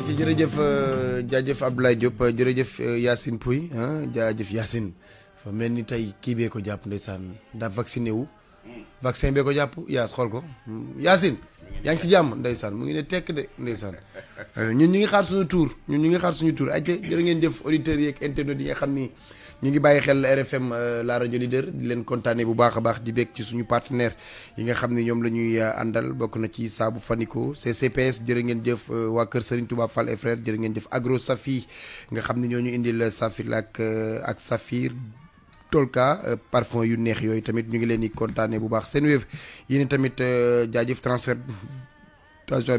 ay ci jërëjëf euh, jaajëf Abdoulaye Diop euh, jërëjëf euh, Yacine Pouy jaajëf Yacine fa mel ni tey kii bee ko jàpp ndeysaan ndax vacciné wu hmm. vaccin bee ko jàpp yaas xool ko hmm, yasin yaa ngi ci jàmm ndeysaan mu ngi ne tekk de ndeysaan ñun ñu ngi xaar suñu tour ñun ñu ngi xaar suñu tour ay ca jërë ngeen jëf auditeurs yeeg internautes yi nga xam ni ñi ngi bayyi xel RFM euh, la radio leader di leen kontaane bu baax baax di bekk ci suñu partenaire yi nga xamni ñom lañuy andal euh, bokku na ci Sabu Faniko CCPS jërë ngeen jëf euh, wa Kër Serigne Touba Fall et frère ngeen jëf Agro Safi nga xamni ñoo indil Safir lak ak Safir. tolka parfum yu neex yoy tamit ñu ngi leen di bu baax seen wéef yéen tamit jaajëf transfert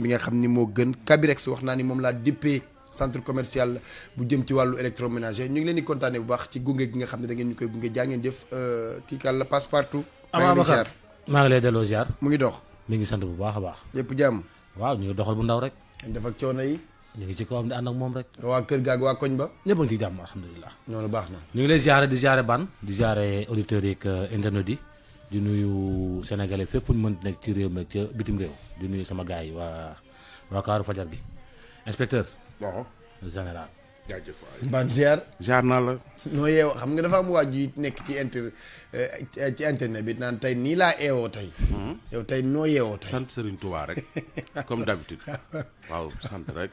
bi nga xamni mo gën Kabirex waxna ni mom la dipé centre commercial bu jëm ci walu électroménager ñu ngi leen di kontaane bu baax ci gungé gi nga xam da ngeen ñukoy koy gunge def euh ki kal la passe partout. maa ngi ziar maa ngi lay delloo ziar. mu ngi dox. mi ngi sant bu baax baax. yépp jàmm. waaw ñu doxal bu ndaw rek. def ak coono yi. ñu ngi ci ko am di and ak mom rek. wa kër gaag wa koñ ba. ñepp ngi ciy alhamdullilah nonu baax na. ñu ngi lay ziaré di ziaré ban. di ziaré auditeur yi yeeg euh, internet yi. di nuyu sénégalais fepp fu ñu mën nekk ci réew mek ci bitim réew di nuyu sama gaay wa wa waa kaaru fajar gi inspecteur bon général jaajëf waay ban ziar la noo yeew xam nga dafa am waaj yi nekk ci inter eh, ci internet bi naan tey nii laa eewoo tey hmm. yow tey noo yeewoo tey sant Serigne Touba rek comme d'habitude waaw sant rek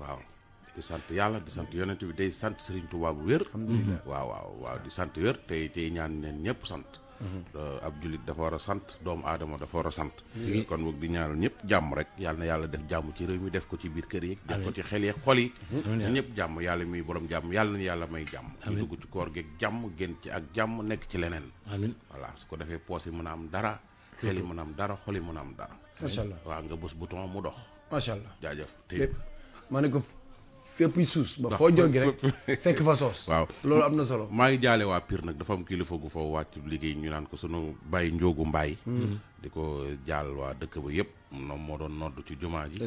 waaw di sant yàlla di sant yonent bi day sant Serigne Touba bu wér waaw waaw di sant wér tey tey ñaan neen ñëpp sant Euh, ab jullit dafa war a sant doomu aadama dafa war a sant kon boog di ñaanal ñëpp jàmm rek yàlla na yàlla def jàmm ci réew mi def ko ci biir kër yi def ko ci xel yi xol yi jàmm yàlla muy borom jàmm yàlla yàlla may jàmm ñu dugg ci koor geeg jàmm génn ci ak jàmm nekk ci leneen amiin su ko defee poos yi mën a am dara xel yi mën a am dara xol yi mën a am dara macha allah waaw nga bës bouton mu dox macha allah jaajëf tey ma fépp suus ba foo jógi rek fekk fa soos waaw loolu am na solo maa ngi jaale waa Pire nag dafa am kilifa gu fa wàcc liggéey ñu naan ko sunu bàyyi njoogu mbaay hmm. di ko jaal waa dëkk ba yëpp moom moo doon nodd ci jumaa ji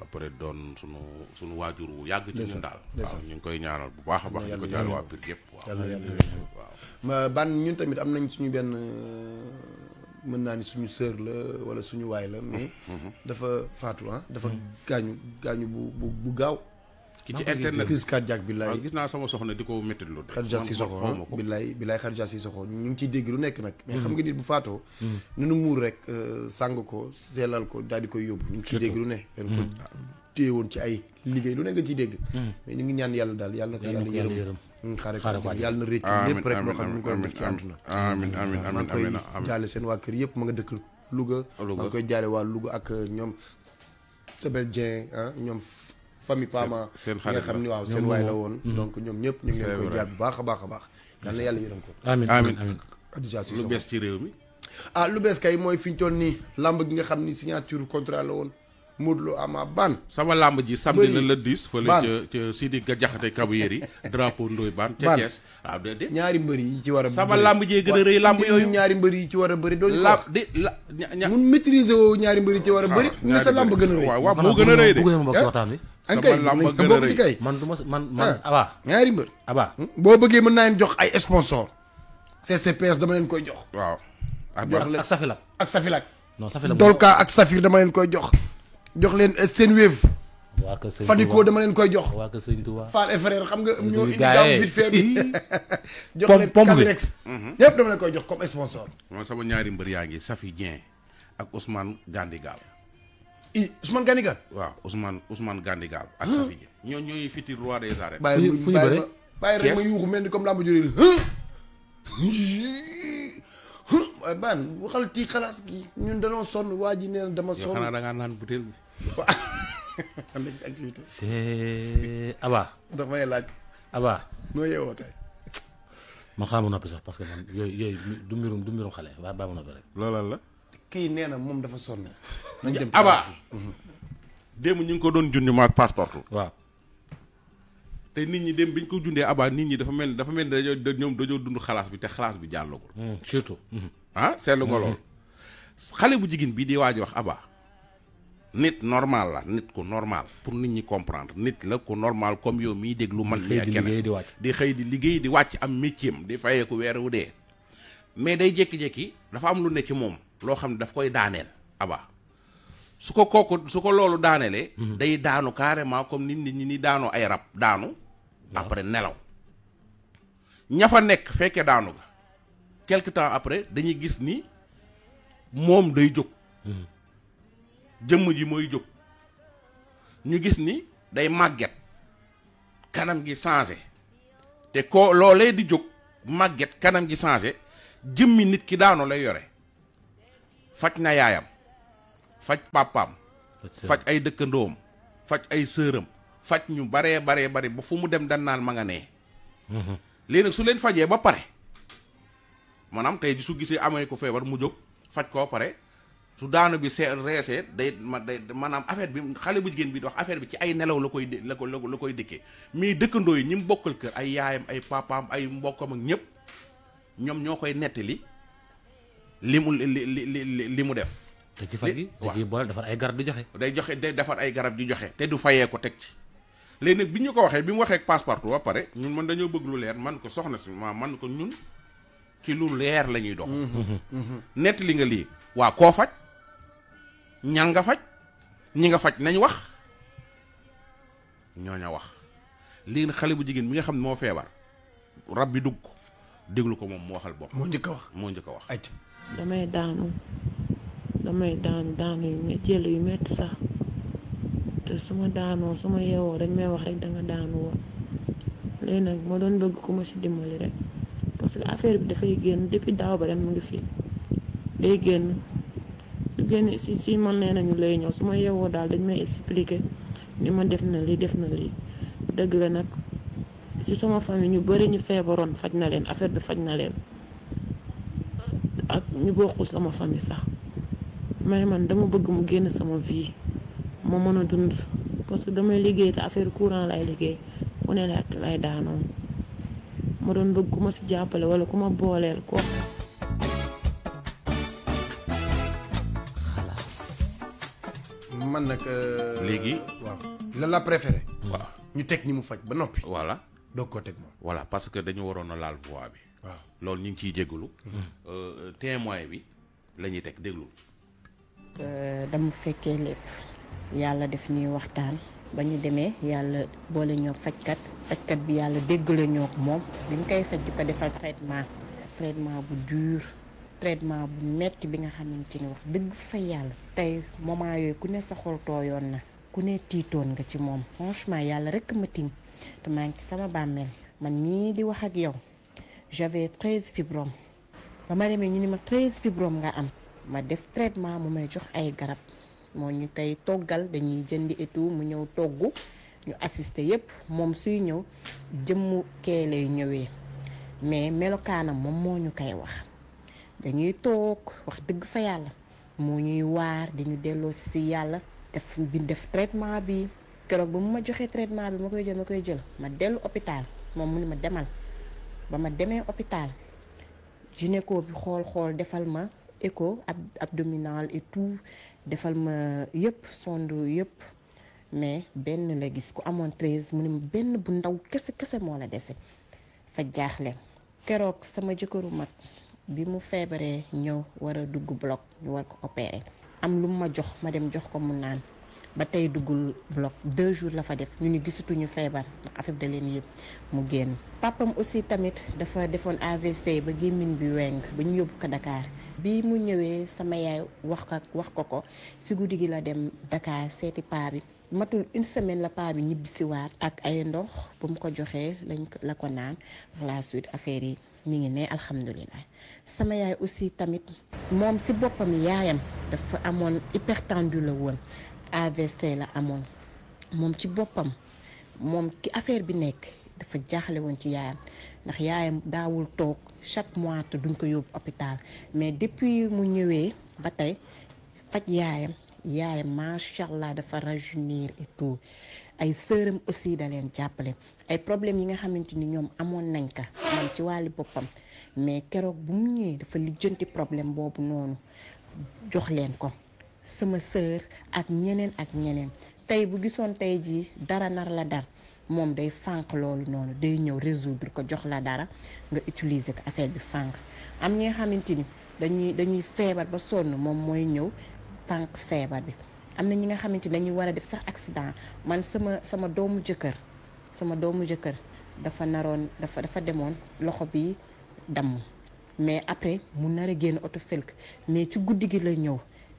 après doon sunu sunu waajur wu yàgg ci ñun daal waaw ñu ngi koy ñaanal bu baax a baax di ko jaal waa Pire yëpp waaw ban ñun tamit am nañ suñu benn euh, mën naa ni suñu sœur la wala suñu waay la mais mhm. dafa faatu ah. dafa mhm. gaañu gaañu bu bu bu gaaw ki ci internet crise cardiaque bi laay ah, gis naa sama soxna di ko métti lu xarja si soxo bilaay bilaay xarja si soxo ñu ngi ciy dégg lu nekk nag mais xam hmm. nga nit bu faatoo hmm. nunu muur rek euh, ko seelal ko daal di koy yóbbu ñu ngi ciy dégg ne dañ ko hmm. téye ci ay liggéey lu ne nga ciy dégg ñu ngi ñaan yàlla daal yàlla na ko yàlla ko yàlla na réccu lépp rek loo xam ne mu ngi koy def ci àdduna amiin amiin amiin koy jaale seen waa kër yëpp ma nga dëkk Louga maa ngi koy jaale waa Louga ak euh, ñoom Sabel ah, ñoom fami Pama ñi xarit nga xam waaw seen way la woon mm-hmm. donc ñom ñëpp ñu ngi koy jaar bu baax a baax a baax yal na yërëm ko amin amin amiin Adja Cissokho lu bes ci réew mi ah lu bes kay moy fiñ ñu toll lamb gi nga xamni signature contrat la woon modlo Ama ban sama lamb ji samedi na le 10 fele ci ci Sidi ga jaxate kabuyeer yi drapeau Ndoye Bane ca Thiès ah, de déedéet ñaari mbeur yi ci wara sama lamb ji gën reuy lamb yoyu ñaari mbeur yi ci wara a doñ la di la mun maîtriser wo ñaari mbeur yi ci wara a ni ah, sa lamb gën reuy wa mo waaw reuy de bëgg na ma bokk eh? bi sama làmba a rëy man du man man Aba. Ah, ñaari mbër Aba. Hmm? boo bëggee mën naa jox ay sponsor CCPS dama leen koy jox. waaw. jox leen ak Safilak ak Safilak. non Safilak Dolka ak Safir dama leen koy jox. jox leen euh, seen wave. dama leen koy jox. waa kër Sëñ Touba xam nga. ñoo indi gaaw vite fait bi. jox leen Camirex ñëpp mhm. dama jox comme sponsor. man sama ñaari mbër yaa ngi Safi Dieng ak Ousmane Gandigal i Ousmane Gandigal. waaw Ousmane Ousmane Gandigal. ak Safi bàyyi fu ñu bëree bàyyi rek ma yuuxu mel ni comme làmb juree waaye baan waxal ci xalaas gi ñun dañoo sonn waa ji nee na dama sonn xanaa da ngaa naan butéel bi am nañ activité c'est Aba laaj Aba noo yeewoo tey man xaar noppi sax parce man yooyu yooyu du mbirum du mbirum xale waa baa ma noppi rek loolal la kii nee na dafa sonn. nañ dem ah aba mhm. démb ñu ko doon junj maag passeport. waaw te nit ñi dem biñ ko jundee aba ah nit ñi dafa mel dafa mel dund xalaas bi te xalaas bi jàllagul. Hmm, surtout. Hmm. ah seetlu nga lool. Hmm. xale bu jigéen bii di wax aba ah nit normal la nit ko normal pour nit ñi comprendre nit la ko normal comme yow dégg lu man. xëy di liggéey di wàcc di di liggéey di wacc am métier di fayé ko wéru wu dee. mais day jéki jéki dafa am lu né ci mom loo xam ne daf koy daaneel aba ah su ko kooku su ko loolu daanelee. Mhm. day daanu carrément comme nit nit ñi ni daanoo ay rab daanu. Ah. après nelaw. ña fa nekk fekkee daanu ga quelque temps après dañuy gis ni moom day jóg. Mhm. jëmm ji mooy jóg. ñu gis ni day màgget. kanam gi changé. te ko loolee di jóg màgget kanam gi changé jëmmi nit ki daanu lay yore. faj na yaayam faj pàppaam faj ay dëkkandoom faj ay sëram faj ñu baree baree bari ba fu mu dem dan naan ma nga nee mhm. léegi nag su leen fajee ba pare maanaam tey su gisee amee ko feebar mu jóg faj koo pare su daanu bi see reesee day ma day maanaam affaire bi xale bu jigéen bi di wax affaire bi ci ay nelaw la koy la ko la koy dikkee mais dëkkandoo yi ñi mu bokkal kër ay yaayam ay papaam ay mbokkam ak ñëpp ñoom ñoo koy nettali li mu li li li li mu def te ci faj gi da ciy boole defar ay garab di joxe day joxe day defar ay garab di joxe te du fayee ko teg ci léegi nag bi ñu ko waxee bi mu waxee ak passeport ba pare ñun man dañoo bëgg lu leer man ko soxna si ma man ko ñun ci lu leer la dox mm-hmm. Mm-hmm. Mm-hmm. nett li nga lii waa koo faj ñan nga ñi nga faj nañ wax ñooña wax léegi nag xale bu jigéen bi nga xam ne moo feebar rab bi dugg ko moom mu waxal bopp moo njëkk wax moo njëkk a wax damay daanu damay daanu daanu yu jël yu metti sax te su ma daanoo su ma yewoo dañ may wax rek danga daanu woon léegi nag ma doon bëgg ku ma ci dimbali rek parce que affaire bi dafay génn depuis daaw ba ren mu ngi fii day génn su génn si si man nee nañu lay ñëw su ma yeewoo daal dañ may expliquer ni ma def na lii def na lii dëgg la nag si sama famille ñu bari ñu feebaroon faj na leen affaire bi faj na leen ak ñu bokkul sama famille sax mais man dama bëgg mu génn sama vie ma mën a dund parce que damay liggéey te affaire courant lay liggéey ku ne lekk lay daanoo ma doon bëgg ku ma si jàppale wala ku ma booleel ko man nag euh, léegi waaw la la préféré waaw ñu teg ni mu faj ba noppi voilà doog koo teg moom voilà parce que dañu waroon a laal voix bi waaw loolu ñu ngi ciy jégalu. Euh, témoin bi la ñuy teg déglu. Euh, dama fekkee lépp yàlla def ñuy waxtaan ba ñu demee yàlla boole ñoo fajkat fajkat bi yàlla déggale ñoo moom bi mu koy faj di ko defal traitement traitement bu dur traitement bu metti bi nga xamante ni wax dëgg fa yàlla tey moment yooyu ku ne sa xol tooyoon na ku ne tiitoon nga ci moom franchement yàlla rek ma tiim te maa ngi ci sama bàmmeel man ñii di wax ak yow j'avais treize fibromes ba ma demee ñu ni ma treize fibromes nga am ma def traitement mu may jox ay garab moo ñu koy toggal dañuy jënd et mu ñëw togg ñu assister yépp moom suy ñëw jëmmu kee lay ñëwee mais melokaanam moom moo ñu koy wax dañuy toog wax dëgg fa yàlla moo ñuy waar dañu delloo si yàlla def bi def traitement bi keroog ba mu ma joxee traitement bi ma koy jël ma koy jël ma dellu hôpital moom mu ne ma demal ba ma demee hôpital gynéco bi xool xool defal ma écho ab abdominal et tout defal ma yëpp sonde yëpp mais benn la gis ku amoon treize mu ne benn bu ndaw kese kese moo la dese fa jaaxle keroog sama jëkkëru mag bi mu feebaree ñëw war a dugg bloc ñu war ko opérer am lu ma jox ma dem jox ko mu naan ba tey duggul bloc deux jours la fa def ñu ñu gisatuñu feebar ndax affaire da leen yëpp mu génn. papam aussi tamit dafa defoon AVC ba gémmin bi weng ba ñu yóbbu ko dakaar bi mu ñëwee sama yaay wax ko wax ko ko si guddi gi la dem Dakar seeti paa bi matul une semaine la paa bi ñibbisiwaat ak ay ndox bu mu ko joxee lañ ko naan par la suite affaire yi mi ngi ne alhamdulilah sama yaay aussi tamit moom si boppam yaayam dafa amoon hypertendu la woon AVC la amoon moom ci boppam moom ki affaire bi nekk dafa jaaxle woon ci yaayam ndax yaayam daawul toog chaque mois te duñ ko yóbbu hôpital mais depuis mu ñëwee ba tey faj yaayam yaayam macha allah dafa rajeunir et ay sëram aussi da leen jàppale ay problème yi nga xamante ni ñoom amoon nañ ko moom ci wàll boppam mais keroog bu mu ñëwee dafa lijjanti problème boobu noonu jox leen ko. sama sœur ak ñeneen ak ñeneen tey bu gisoon tey jii dara nar la dar moom day fànq loolu noonu day ñëw résoudre ko jox la dara nga utiliser ko affaire bi fànq am ñi nga xamante ni dañuy dañuy feebar ba sonn moom mooy ñëw fànq feebar bi am na ñi nga xamante ni dañuy war a def sax accident man sama sama doomu jëkkër sama doomu jëkkër dafa naroon dafa dafa demoon loxo bi damm mais après mu nar a génn oto fëlk mais ci guddi gi la ñëw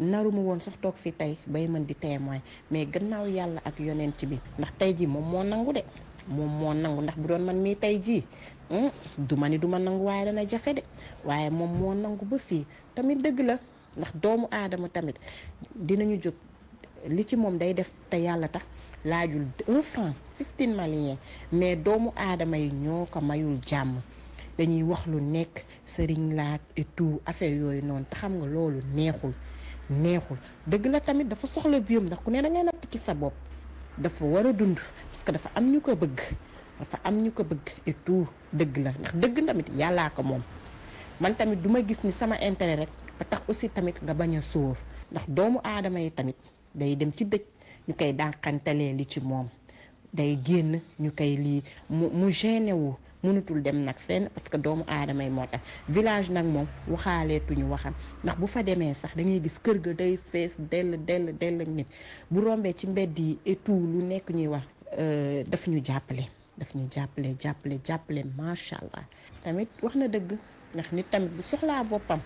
narumu woon sax toog fi tey bay mën di témoin mais gannaaw yàlla ak yonent bi ndax tey jii moom moo nangu de moom moo nangu ndax bu doon man mii tey jii hmm, du ma ni du ma nangu waaye dana jafe de waaye moom moo nangu ba fii tamit dëgg la ndax doomu aadama tamit dinañu jóg li ci moom day def te yàlla tax laajul un franc fifteen malien mais doomu aadama yi ñoo ko mayul jàmm dañuy wax lu nekk sëriñ laak et tout affaire yooyu noonu te xam nga loolu neexul neexul dëgg la tamit dafa soxla vieux ndax ku ne da ngay ci sa bopp dafa war a dund parce que dafa am ñu ko bëgg dafa am ñu ko bëgg et dëgg la ndax dëgg tamit yàllaa ko moom man tamit duma gis ni sama intérêt rek ba tax aussi tamit nga bañ a sóor ndax doomu aadama yi tamit day dem ci dëj ñu koy dànqantalee li ci moom day génn ñu koy lii mu mu gêné wu mënatul dem nag fenn parce que doomu aadama yi moo tax village nag moom waxaaleetuñu waxam ndax bu fa demee sax dangay gis kër ga day fees dell dell dell nit bu rombee ci mbedd yi et lu nekk ñuy wax euh, daf ñu jàppale daf ñu jàppale jàppale jàppale macha allah tamit wax na dëgg ndax nit tamit bu soxlaa boppam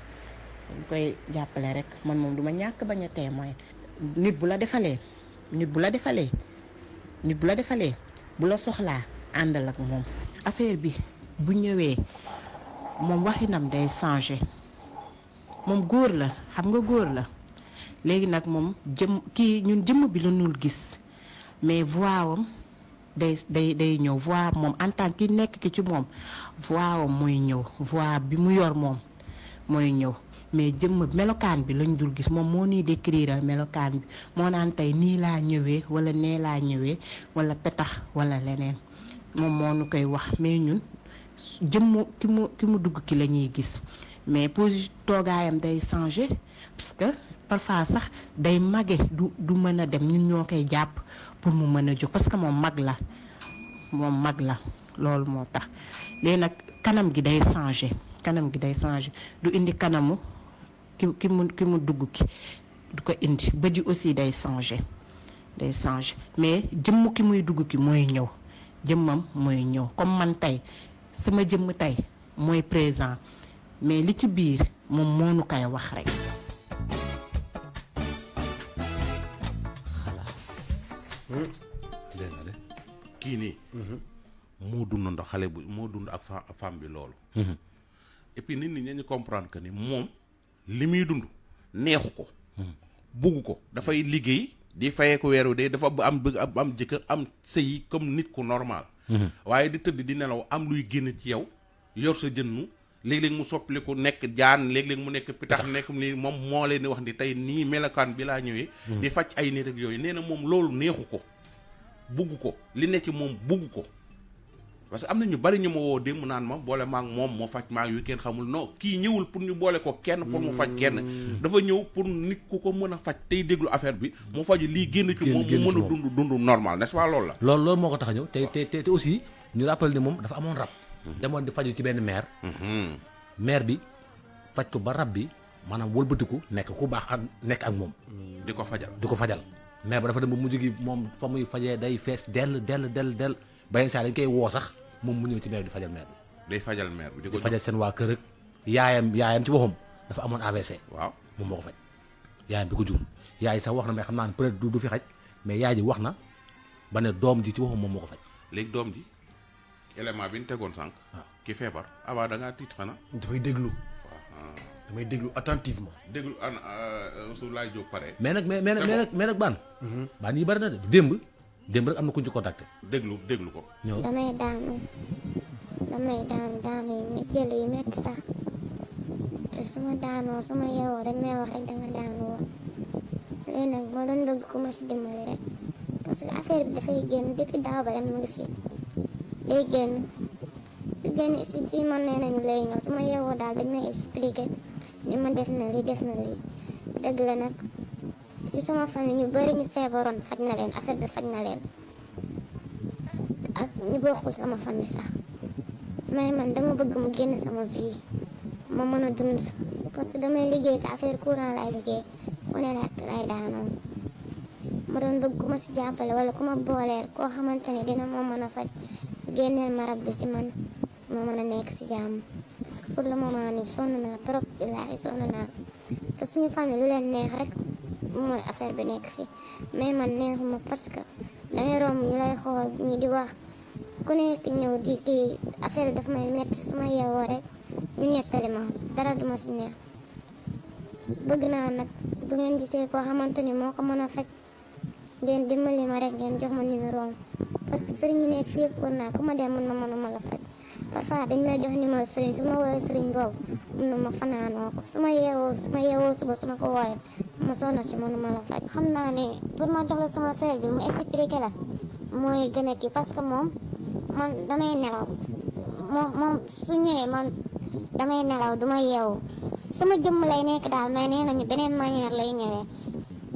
dañ koy jàppale rek man moom du ma ñàkk bañ a témoin nit bu la defalee nit bu la defalee nit bu la defalee bu la soxlaa àndal ak moom affaire bi bu ñëwee moom waxinam day changé moom góor la xam nga góor la léegi nag moom jëm kii ñun jëmm bi la nul gis mais voiwam day day day ñëw voix moom en ki nekk ki ci moom voiwam mooy ñëw voix bi mu yor moom mooy ñëw mais jëm melokaan bi lañ dul gis moom moo ñuy décrire melokaan bi moo naan tey nii laa ñëwee wala nee laa wala petax wala leneen moom koy wax mais ñun mais day changer parce que parfois day mage du du mën dem ñun ñoo koy pour mu mën parce que moom mag la moom mag la loolu kanam gi day kanam du indi kanamu ki ki mu ki mu dugg ki du ko indi bët yi aussi day changé day changé mais jëmm ki muy dugg ki mooy ñëw jëmmam mooy ñëw comme man tey sama jëmm tey mooy présent mais li ci biir moom moo nu koy wax rek. xalaas. Hmm. dégg nga de kii nii. Mhm. moo dund xale bu moo dund ak femme bi loolu. Mhm. et puis nit ñi comprendre que ni moom. li muy dund neexu ko bugg ko dafay liggéey di fayee ko weeru dee dafa am bëgg am jëkkër am sëyi comme nit ku normal mhm. waaye di tëdd di nelaw am luy génn ci yow yor sa jënnu léeg-léeg mu soppaliku nekk jaan léeg-léeg mu nekk pitax nekk moom moo leen di wax ni tey nii melokaan bi laa ñëwee mhm. di faj ay nit yooyu nee na moom loolu neexu ko bugg ko li ne ci moom bugg ko parce que am na ñu bari ñu ma woo démb naan ma boole maag moom moo faj maag yu kenn xamul non kii ñëwul pour ñu boole ko kenn pour mu faj kenn mm. dafa ñëw pour nit ku ko mën a faj tey déglu affaire bi mu faju lii génn ci moom mu mën a dund dund normal n'est-ce pas loolu la loolu te te te aussi ñu rappel moom dafa amoon rab mhm. demoon di faju ci benn maire mhm. maire bi faj ko ba rab bi maanaam wëlbatiku nekk ku baax ak nekk ak moom mm. di ko fajal di ko fajal maire ba dafa dem ba mujj gi moom fa muy fajee day fees dell dell dell dell bayen saa dañ koy woo sax moom mu ñëw ci maire bi di fajal maire bi. fajal maire di fajal seen waa kër ak yaayam yaayam ci boppam dafa amoon AVC. waaw moom moo ko faj yaayam bi ko jur yaay sax wax na mais xam naa ne peut-être du fi xaj mais yaay ji wax na ba ne doom ji ci boppam moom moo ko faj. léegi doom ji élément bi ñu tegoon sànq. Ah. ki feebar abaa ah da ngaa tiit xanaa. dafay déglu. Ah. damay déglu attentivement. déglu an su laay jóg pare. mais nag mais mais nag mais nag baan. Mhm. baan yi bari na de démb. démb rek am na ku ñu ci contacté. déglu déglu ko. ñëw damay daanu damay daan daanu yu métti jël yu métti sax te su ma daanoo su ma yeewoo rek may wax rek dama daanu woon léegi nag moo doon bëgg ku ma si dimbali rek parce que affaire bi dafay génn depuis daaw mu ngi fii day génn su génn si si man nee nañu lay ñëw su ma yeewoo daal dañ may ni ma def na lii def na lii dëgg la nag. si sama famille ñu bari ñu feebaroon faj na leen affaire bi faj na leen ak ñu bokkul sama famille sax may man dama bëgg mu génn sama vie ma mëna dund parce que damay liggéey te affaire courant lay liggéey ku ne la laay daanu ma doon bëgg ku ma si jàppale wala ku ma booleel koo xamante dina ma mëna a faj génneel ma rab bi si man ma mëna nekk si jàmm parce que pour le moment nii sonn naa trop ilaahi sonn naa te suñu famille lu leen neex rek mo asa benek si may man ne ko mapaska na yero mo nila ko ni di ba kuni kinyo di ki asa da may met sa may yaware ni tali mo tara do mas niya bug na na bugan di ko haman to ni mo ka mo na fat gen di mo li mare gen jo mo ni ro pas sering ni ne siya ko na ma la fat Parfa deng la johni ma sering sumo wa sering go, mun ma fana no, sumo yewo, sumo yewo, sumo sumo ko wa, ma sonna ci mënuma la faj xam naa ne pour ma jox la sama sœur bi mu expliqué la mooy gën a parce que moom man damay nelaw moom moom su man damay nelaw duma yeewu sama jëmm lay nekk daal mais nee beneen manière lay ñëwee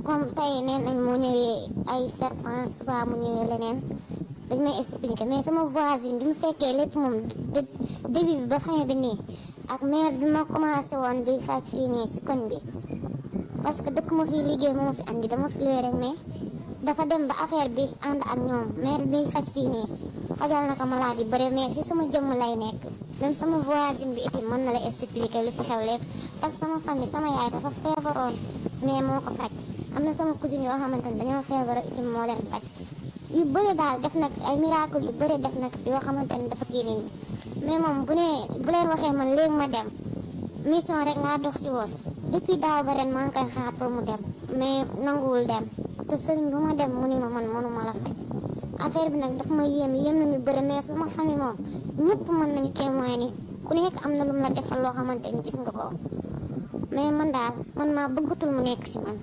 comme tey nee nañ mu ñëwee ay serpent suba mu ñëwee leneen dañ may expliqué mais sama voisine bi mu fekkee lépp moom début bi ba fin bi nii ak mère bi ma commencé woon di faj fii nii si koñ bi parce que dëkk ma fi liggéey moo fi andi dama fi wéré rek mais dafa dem ba affaire bi and ak ñoom maire bi faj fii nii fajal na ko maladie bëre mais si sama jëmm lay nekk même sama voisine bi itam mën na la expliquer lu si xew lépp parce sama famille sama yaay dafa feebaroon mais moo ko faj am na sama cousine yoo xamante ne dañoo feebaro itam moo leen faj yu bëri daal def nag ay miracle yu bëri def nag yoo xamante ne dafa kii nit ñi mais moom bu ne bu leen waxee man léegi ma dem mission rek laa dox si woon depuis daaw ba ren maa ngi koy xaar pour mu dem mais dem te sëriñ bu ma dem mu ni ma man monu la fay affaire bi nak daf ma yem yem nañu beure mais sama fami mom ñepp man nañu témoigner ku nekk am lu mu defal lo xamanteni gis nga ko mais man dal man ma bëggatul mu nekk ci man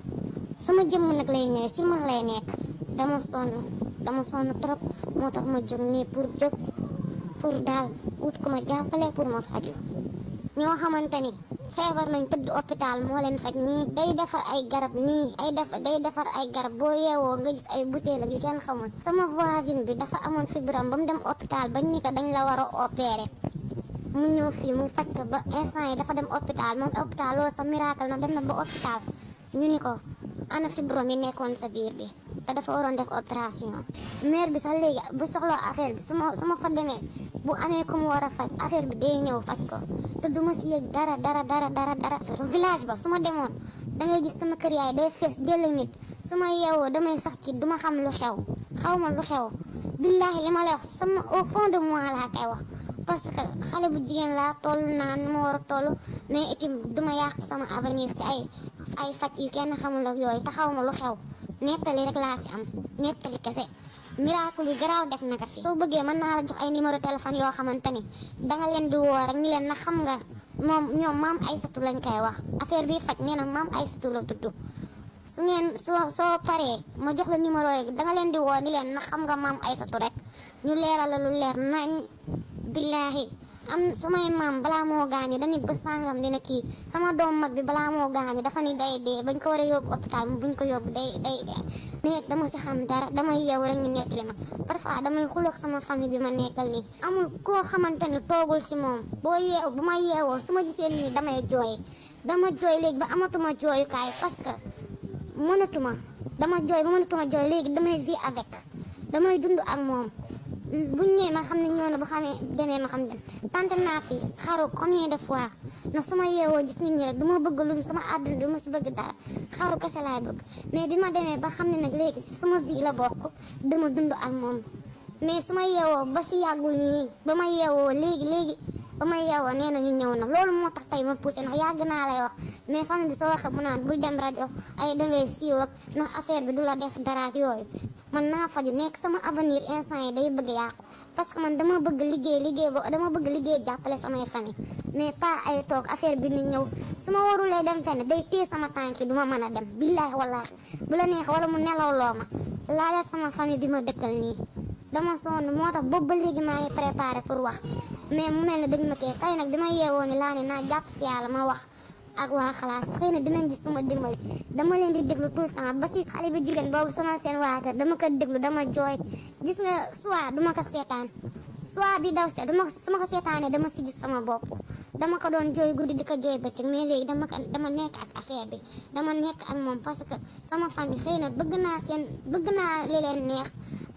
sama jëm nak lay ñëw si man lay nekk dama son dama son trop motax ma jóg ni pour jóg pour dal wut ko ma jappalé pour ma faju ño xamanteni feebar nañ tëdd hôpital moo leen faj nii day defar ay garab nii ay def day defar ay garab boo yeewoo nga gis ay butéel ak yu kenn xamul sama voisine bi dafa amoon fibrome ba mu dem hôpital bañ ni ko dañ la war a opérer mu ñëw fii mu faj ko ba instant yi dafa dem hôpital moom hôpital loolu sa miracle na dem na ba hôpital ñu ni ko ana fibrome yi nekkoon sa biir bi te dafa waroon def opération mère bi sax léegi bu soxloo affaire bi su ma su fa demee bu amee ku a faj affaire bi day ñëw faj ko te du ma si yëg dara dara dara dara dara village ba su ma demoon da ngay gis sama kër yaay day fees dell nit su ma yeewoo damay sax ci du ma xam lu xew xaw ma lu xew billaahi li ma lay wax sama au fond de moi laa parce que xale bu jigéen laa toll naan nu ma war a toll mais itam du ma yàq sama avenir si ay ay faj yu kenn xam ak yooyu te xaw ma lu xew nettali rek laa si am nettali kese miracle yu garaaw def na ko soo bëggee mën naa la jox ay numéro téléphone yoo xamante ni danga leen di woo rek ni leen na xam nga moom ñoom maam Aysatu lañ koy wax affaire bi faj nee na maam Aysatu su ngeen soo soo paree ma jox la numéro yi danga leen di leen na xam nga maam Aysatu rek ñu leeral la lu leer nañ billaahi am samay maam balaa moo gaañu dañu bés sàngam dina kii sama doom mag bi balaa moo gaañu dafa ni day dee bañ ko war a yóbbu hôpital buñ ko yóbbu day day dama si xam dara damay yew rek ñu nettali ma parfois damay xuloog sama famille bi ma nekkal nii amul koo xamante ni toogul si boo yeew bu ma yeewoo su ma gisee nii damay jooy dama jooy léegi ba amatuma jooyukaay parce que mënatuma dama jooy ba mënatuma jooy léegi damay vie avec damay dund ak moom bu ñëwee ma xam ne ñëw na bu xamee demee ma xam dem tante naa fi xaru combien de fois ndax su ma yeewoo gis nit ñi rek du ma bëgg sama àdduna du si bëgg dara xaru kese laay bëgg mais bi ma demee ba xam ne nag léegi si sama vie la bokk dama dund ak moom mais su ma yeewoo ba si yàggul nii ba ma yeewoo léegi léegi ba may yeewoo nee na ñu ñëw na loolu moo tax tey ma poussé ndax yàgg naa lay wax mais famille bi soo waxee mu naan bul dem rajo ay dangay siiw ak ndax affaire bi du la def dara ak yooyu man naa faju nekk sama avenir instant yi day bëgg yàqu parce que man dama bëgg liggéey liggéey bo dama bëgg liggéey jàppale samay famille mais pas ay toog affaire bi nu ñëw sama ma warulee dem fenn day téye sama tànk yi du ma mën a dem billaahi wallaahi bu la neex wala mu nelaw loo ma laajal sama famille bi ma dëkkal dama sonn moo tax boobu ba léegi maa ngi préparé pour wax mais mu mel ne dañ ma tee xëy nag bi ma yeewoo ni naa jàpp si yàlla ma wax ak waa xalaas xëy na dinañ gis di ma dimbali dama leen di déglu tout le temps ba si xale bi jigéen boobu sonal seen waa dama ko déglu dama jooy gis nga soit duma ko seetaan soit bi daw se dama su ma ko seetaanee dama si sama bopp dama ko doon jooy guddi di ko jooy bëccëg mais léegi dama ko dama nekk ak affaire bi dama nekk ak moom parce que sama famille xëy na bëgg naa seen bëgg naa leen neex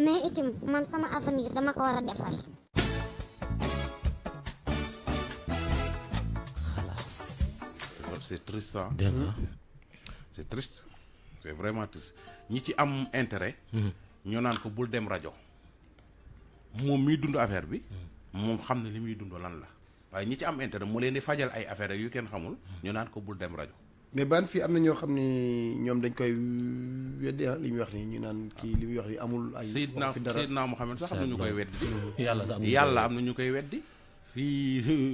mais itam man sama avenir dama ko war a defar. xalaas. c'est triste c'est vraiment triste ñi ci am intérêt. ñoo naan ko bul dem rajo. moom miy dund affaire bi hmm. moom xam ne li muy dund lan la waaye ñi ci am intérêt mu leen di fajal ay affaire yu kenn xamul hmm. ñu naan ko bul dem rajo mais baan fii am na ñoo xam ni ñoom dañ koy weddi ah, li muy wax ni ñu naan kii li muy wax ni amul ay Seydina Seydina Muhammad sax am na ñu koy weddi yàlla am na ñu koy weddi fii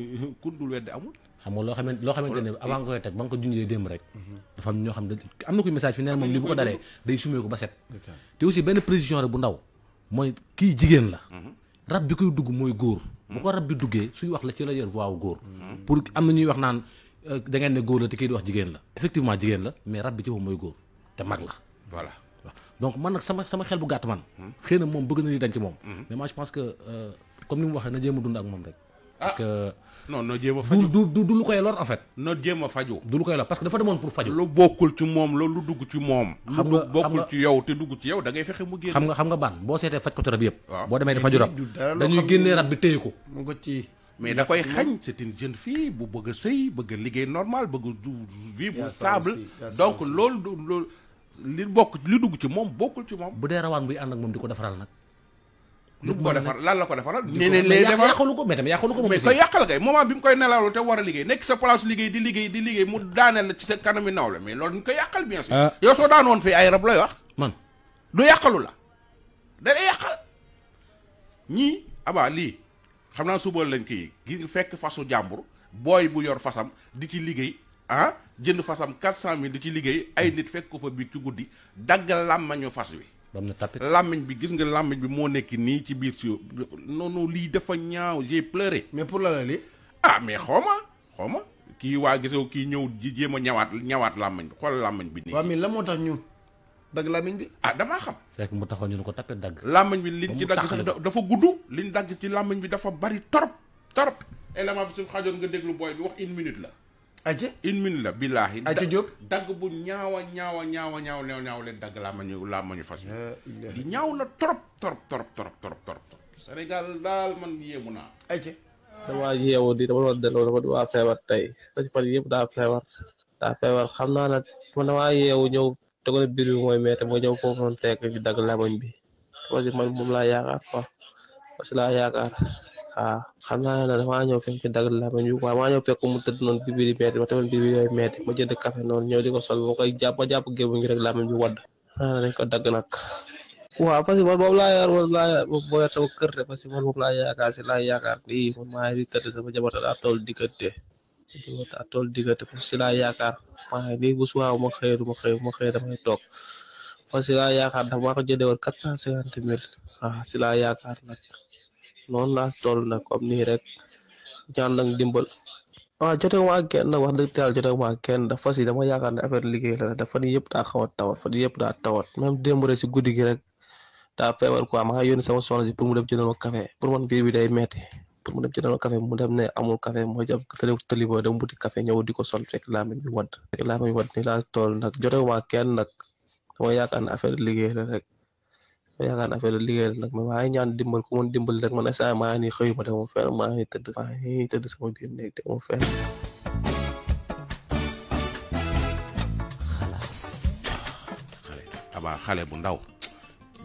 kundul weddi amul xam nga loo xamante loo xamante ne avant nga koy teg ba nga ko junjee démb rek mhm. dafa am ñoo xam ne am na kuy message fi neen moom lii bu ko dalee day sumee ko ba set te aussi benn précision rek bu ndaw moy ki jigen la mhm. rab bi koy dugg moy góor bu ko rab bi duggee suy wax la ci la yor voix wu mhm. pour am ñuy wax naan euh, da ngeen ne góor la te ki di wax jigen la effectivement jigen la mais rab bi ci moom mooy góor te mag la voilà donc man nak sama sama xel bu gatt man mhm. xëy mom bëgg na ni dañ ci mom mais moi je pense que euh, comme ni mu waxee na jëm dund ak mom rek parce ah. que non no jéem a du du du lu koy lor en fait no jéem a du lu koy lor parce que dafa pour lu bokkul ci lu dugg ci moom xam nga bokkul ci yow te dugg ci yow da ngay fexe mu génn xam nga xam nga baan boo seetee faj ko te rab rab dañuy rab bi mu ko ci mais da koy c'est une jeune fille bu bëgg a bëgg liggéey normal bëgg vivre y'a stable y'a donc loolu loolu li bokk li dugg ci moom bokkul ci moom bu dee rawaan buy ak di defaral nak lu ko defar lan la ko defaral ñeneen lay ya- defar yàqalu ko mais tam yàqalu ko moom mais koy yàqal kay moment bi mu koy nelawlu te war a liggéey sa place liggéey di liggéey di liggéey mu daaneel la ci sa kanami nawle mais loolu ñu koy yàqal bien sûr ah. yow soo daanoon fii ay rab lay wax man du yàqalu la da lay yàqal ñii aba lii xam naa suba lañ ko gi fekk fasu jàmbur boy bu yor fasam di ci liggéey ah jënd fasam 400 000 di ci liggéey ay nit fekk ko fa biig ci guddi daggal làmmañu fas wi làmmiñ bi gis nga làmmiñ bi moo nekk nii ci biir si noonu lii dafa ñaaw j'ai pleuré. mais pour la la lii. ah mais xaw ma kii waa gisoo kii ñëw ji jéem a ñawaat ñawaat làmmiñ bi xool làmmiñ bi. nii waaw mais la moo tax ñu. dagg làmmiñ bi ah damaa xam. fekk mu taxaw ñu ko tapé dagg. làmmiñ bi li ci dagg sax dafa gudd. li liñ dagg ci làmmiñ bi dafa bari torop torop élément eh, bi su xaajoon nga déglu booy bi wax une minute la. aji une minute la billaahi aji Diop bu ñaaw a ñaaw a ñaaw a ñaaw ñaaw ñaaw leen dagg laa ma ñu laa ma ñu ñaaw na trop trop trop trop trop trop Sénégal daal man yéemu naa aji damaa yeewu di dama doon delloo dama di yëpp daa feebar daa xam naa na man damaa yeewu ñëw dogal biir bi mooy metti moo ñëw foofu noonu fekk ñu dagg lamañ bi parce que man moom laa yaakaar quoi parce que laa yaakaar a xamna na dama ñew fim ci dagal la ñu wa ma ñew fekku mu teud non bibiri metti ma teul bibiri metti ma jënd café non ñew diko sol mo koy japp japp gebu ngi rek la ñu wad ah dañ ko dag nak wa parce que man mom la yar wal la bo yar sama kër de parce que man mom la yaakar ci la yaakar ni man ma di teud sama jabata da tol digënté jabata tol digënté parce que la yaakar ma ni bu suwa ma xeyr ma xeyr ma xeyr dama tok parce que la yaakar dama ko jëndé won ah sila la yaakar nak noonu laa toll nag comme ni rek ñaan nag dimbal waaw jotewu ma ak kenn nag wax dëgg te yàlla jotewu dafa si dama yaakaar ne affaire liggéey la dafa ni yëpp daa xaw a tawat fan yëpp daa tawat même démb rek si guddi gi rek daa feebar quoi ma nga sama soxna si pour mu dem jëndal ma café pour man biir bi day metti pour mu dem jëndal ma café mu dem ne amul café moo jëm tëli tëli ba dem buti café ñëw di ko sol fekk laamin bi wadd fekk laamin bi wadd ni laa toll nag jotewu ma ak kenn nag dama yaakaar ne affaire liggéey la rek yaakaar naa affaire liggéey liggéeyal nag mais maa ngi ñaan dimbal ku mën dimbal rek man instant maa ngi xëy ma dama fenn maa ngi tëdd maa ngi tëdd sama biir néeg dama fenn. xalaas. xale xale bu ndaw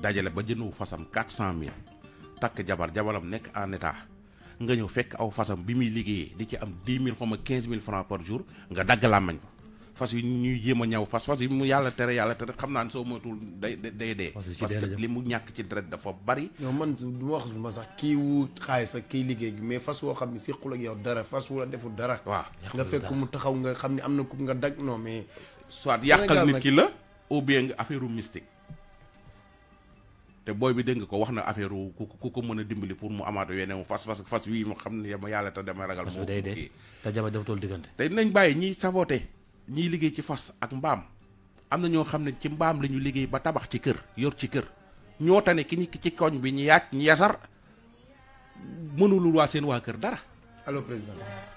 dajale ba jëndu fasam quatre mille takk jabar jabaram nekk en état nga ñëw fekk aw fasam bi muy liggéeyee di ci am dix mille xaw ma quinze mille francs par jour nga dagg làmmañ ko. fas yi ñuy jéem a ñaw fas fas yi mu yàlla tere yàlla tere xam naa ne soo moytuwul ñàkk ci deret dafa bari. non man du ma wax ma sax kii wu xaalis ak kii liggéey gi mais fas woo xam ne sequl ak yow dara fas wu la deful dara. waaw nga fekk mu taxaw nga xam ne am na ku nga dag non mais. soit yàqal nit ki la ou bien nga affaire mystique. te booy bi dégg nga ko wax na affaire ku ku ko mën a dimbali pour mu amaat yeneen fas fas fas wii ma xam ne ma yàlla te damay ragal. moo kii te jabar te nañ bàyyi ñiy saboté ñiy liggéey ci fas ak mbaam am na ñoo xam ne ci mbaam la ñu liggéey ba tabax ci kër yor ci kër ñoo tane ki ñi ci koñ bi ñu yàcc ñu yasar mënulul waa seen waa kër dara. allo présidence.